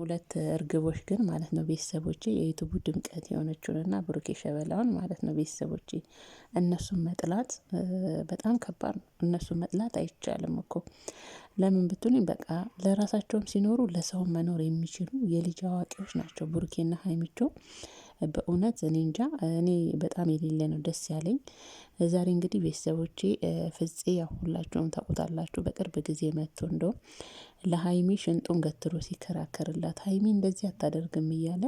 ሁለት እርግቦች ግን ማለት ነው ቤተሰቦች የዩቱቡ ድምቀት የሆነችውንና ብሩኬ ሸበላውን ማለት ነው ቤተሰቦች እነሱን መጥላት በጣም ከባድ ነው። እነሱን መጥላት አይቻልም እኮ። ለምን ብትሉኝ በቃ ለራሳቸውም ሲኖሩ ለሰው መኖር የሚችሉ የልጅ አዋቂዎች ናቸው። ብሩኬና ሀይሚቾ በእውነት እኔ እንጃ እኔ በጣም የሌለ ነው ደስ ያለኝ። ዛሬ እንግዲህ ቤተሰቦቼ ፍፄ ያው ሁላችሁም ታውቁታላችሁ በቅርብ ጊዜ መጥቶ እንደውም ለሀይሚ ሽንጡን ገትሮ ሲከራከርላት ሀይሚ እንደዚህ አታደርግም እያለ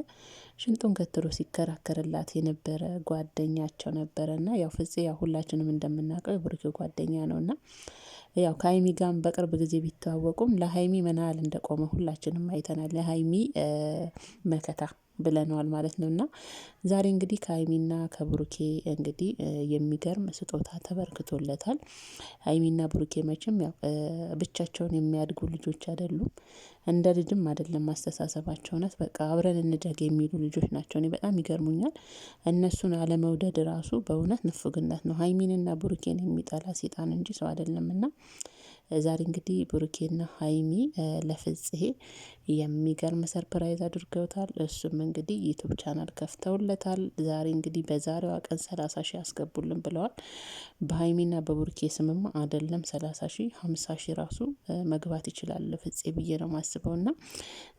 ሽንጡን ገትሮ ሲከራከርላት የነበረ ጓደኛቸው ነበረና ያው ፍፄ ያው ሁላችንም እንደምናውቀው የብሩኬ ጓደኛ ነውና ያው ከሀይሚ ጋም በቅርብ ጊዜ ቢተዋወቁም ለሀይሚ ምናል እንደቆመ ሁላችንም አይተናል። ለሀይሚ መከታ ብለነዋል ማለት ነው። እና ዛሬ እንግዲህ ከሀይሚና ከብሩኬ እንግዲህ የሚገርም ስጦታ ተበርክቶለታል። ሀይሚና ብሩኬ መቼም ያው ብቻቸውን የሚያድጉ ልጆች አይደሉም። እንደ ልጅም አይደለም አስተሳሰባቸው እውነት በቃ አብረን እንደግ የሚሉ ልጆች ናቸው። እኔ በጣም ይገርሙኛል። እነሱን አለመውደድ ራሱ በእውነት ንፉግነት ነው። ሃይሚንና ብሩኬን የሚጠላ ሴጣን እንጂ ሰው አይደለምና። ዛሬ እንግዲህ ብሩኬና ሀይሚ ለፍጽሄ የሚገርም ሰርፕራይዝ አድርገውታል። እሱም እንግዲህ ዩቱብ ቻናል ከፍተውለታል። ዛሬ እንግዲህ በዛሬዋ ቀን ሰላሳ ሺህ ያስገቡልን ብለዋል። በሀይሚና በቡርኬ ስምማ አይደለም ሰላሳ ሺህ ሀምሳ ሺህ ራሱ መግባት ይችላል ለፍጼ ብዬ ነው ማስበው እና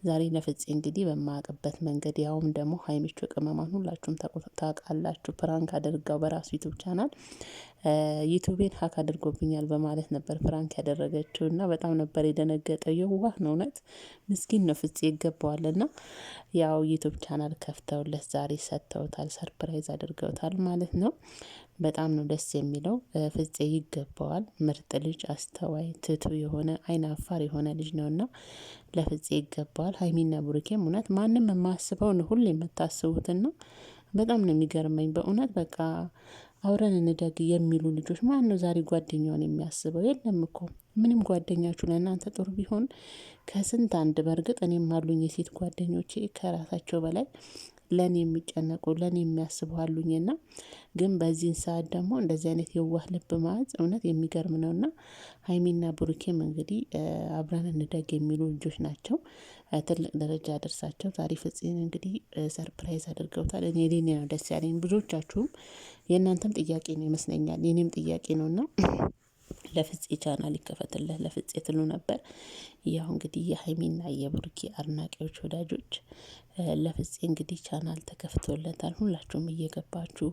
ዛሬ ለፍጼ እንግዲህ በማያውቅበት መንገድ ያውም ደግሞ ሀይሚቾ ቅመማን ሁላችሁም ታውቃላችሁ ፕራንክ አድርጋው በራሱ ዩቱብ ቻናል ዩቱቤን ሀክ አድርጎብኛል በማለት ነበር ፕራንክ ያደረገችው እና በጣም ነበር የደነገጠው። የዋህ ነው እውነት ምስኪን ግን ነው ፍጽ ይገባዋል። ና ያው ዩቱብ ቻናል ከፍተውለት ዛሬ ሰጥተውታል፣ ሰርፕራይዝ አድርገውታል ማለት ነው። በጣም ነው ደስ የሚለው። ፍፄ ይገባዋል። ምርጥ ልጅ፣ አስተዋይ፣ ትቱ የሆነ አይን አፋር የሆነ ልጅ ነው እና ለፍፄ ይገባዋል። ሀይሚና ብሩኬም እውነት ማንም የማስበው ነው ሁሌ የምታስቡትና በጣም ነው የሚገርመኝ በእውነት በቃ አብረን እንደግ የሚሉ ልጆች ነው ዛሬ ጓደኛውን የሚያስበው? የለም እኮ ምንም ጓደኛችሁ ለእናንተ ጥሩ ቢሆን ከስንት አንድ በእርግጥ እኔም አሉኝ የሴት ጓደኞቼ ከራሳቸው በላይ ለእኔ የሚጨነቁ ለእኔ የሚያስቡ ና ግን በዚህን ሰዓት ደግሞ እንደዚህ አይነት የዋህ ልብ መያዝ እውነት የሚገርም ነው። ና ሀይሚና ብሩኬም እንግዲህ አብረን እንደግ የሚሉ ልጆች ናቸው። ትልቅ ደረጃ ያደርሳቸው ዛሬ ፍፄን እንግዲህ ሰርፕራይዝ አድርገውታል። እኔ ሌኔ ነው ደስ ያለኝ ብዙዎቻችሁም የእናንተም ጥያቄ ነው ይመስለኛል የኔም ጥያቄ ነው። ና ለፍጽ ቻናል ይከፈትልህ ለፍጽ ትሉ ነበር። ያው እንግዲህ የሀይሚና የብሩኬ አድናቂዎች ወዳጆች ለፍፄ እንግዲህ ቻናል ተከፍቶለታል። ሁላችሁም እየገባችሁ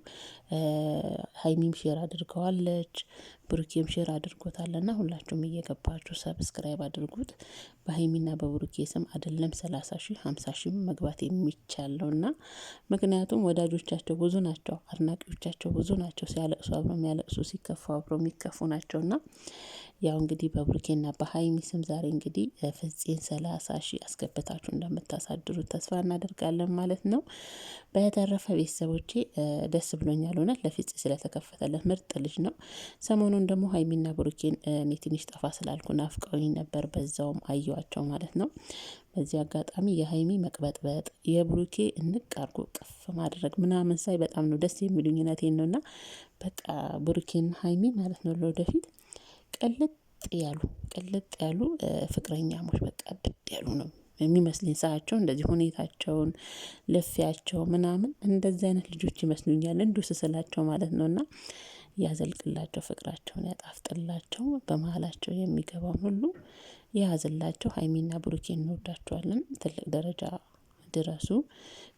ሀይሚም ሼር አድርገዋለች፣ ብሩኬም ሼር አድርጎታልና ሁላችሁም እየገባችሁ ሰብስክራይብ አድርጉት። በሀይሚና በብሩኬ ስም አይደለም ሰላሳ ሺ ሀምሳ ሺ መግባት የሚቻለውና ምክንያቱም ወዳጆቻቸው ብዙ ናቸው፣ አድናቂዎቻቸው ብዙ ናቸው። ሲያለቅሱ አብረው የሚያለቅሱ ሲከፉ አብረው የሚከፉ ናቸውና ያው እንግዲህ በብሩኬና በሀይሚ ስም ዛሬ እንግዲህ ፍጼን ሰላሳ ሺ አስገብታችሁ እንደምታሳድሩት ተስፋ እናደርጋለን ማለት ነው። በተረፈ ቤተሰቦቼ ደስ ብሎኛል እውነት ለፍጼ ስለተከፈተለት ምርጥ ልጅ ነው። ሰሞኑን ደግሞ ሀይሚና ብሩኬን እኔ ትንሽ ጠፋ ስላልኩ ናፍቀውኝ ነበር፣ በዛውም አየዋቸው ማለት ነው። በዚህ አጋጣሚ የሀይሚ መቅበጥበጥ የብሩኬ እንቅ አርጎ ቅፍ ማድረግ ምናምን ሳይ በጣም ነው ደስ የሚሉኝነት ነው እና በቃ ብሩኬና ሀይሚ ማለት ነው ለወደፊት ቅልጥ ያሉ ቅልጥ ያሉ ፍቅረኛሞች በቃ ድድ ያሉ ነው የሚመስልኝ ሳያቸው እንደዚህ ሁኔታቸውን ልፊያቸው ምናምን እንደዚህ አይነት ልጆች ይመስሉኛል እንዱ ስስላቸው ማለት ነው። እና ያዘልቅላቸው ፍቅራቸውን ያጣፍጥላቸው በመሃላቸው የሚገባውን ሁሉ የያዝላቸው ሀይሚና ብሩኬን እንወዳቸዋለን ትልቅ ደረጃ ድረሱ።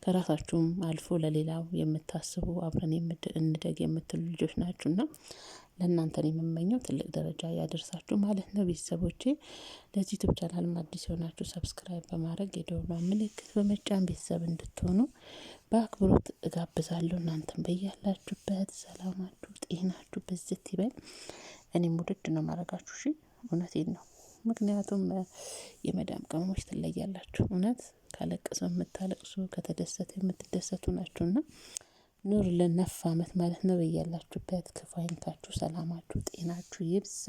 ከራሳችሁም አልፎ ለሌላው የምታስቡ አብረን እንደግ የምትሉ ልጆች ናችሁና ነው የምመኘው ትልቅ ደረጃ ያደርሳችሁ ማለት ነው። ቤተሰቦቼ ለዚህ ዩቱብ ቻናል አዲስ የሆናችሁ ሰብስክራይብ በማድረግ የደወሏን ምልክት በመጫን ቤተሰብ እንድትሆኑ በአክብሮት እጋብዛለሁ። እናንተን በያላችሁበት ሰላማችሁ፣ ጤናችሁ ብዝት ይበል። እኔም ውድድ ነው ማድረጋችሁ። እሺ እውነቴን ነው። ምክንያቱም የመዳም ቅመሞች ትለያላችሁ። እውነት ካለቀሰው የምታለቅሱ ከተደሰተ የምትደሰቱ ናችሁና ኑር ለነፍ አመት ማለት ነው። በያላችሁበት ክፉ አይንካችሁ፣ ሰላማችሁ፣ ጤናችሁ ይብዛ።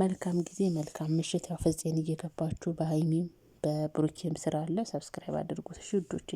መልካም ጊዜ፣ መልካም ምሽት። ያው ፈፄን እየገባችሁ በሀይሚም በብሩኬም ስራ አለ። ሰብስክራይብ አድርጉት ሽዶቼ።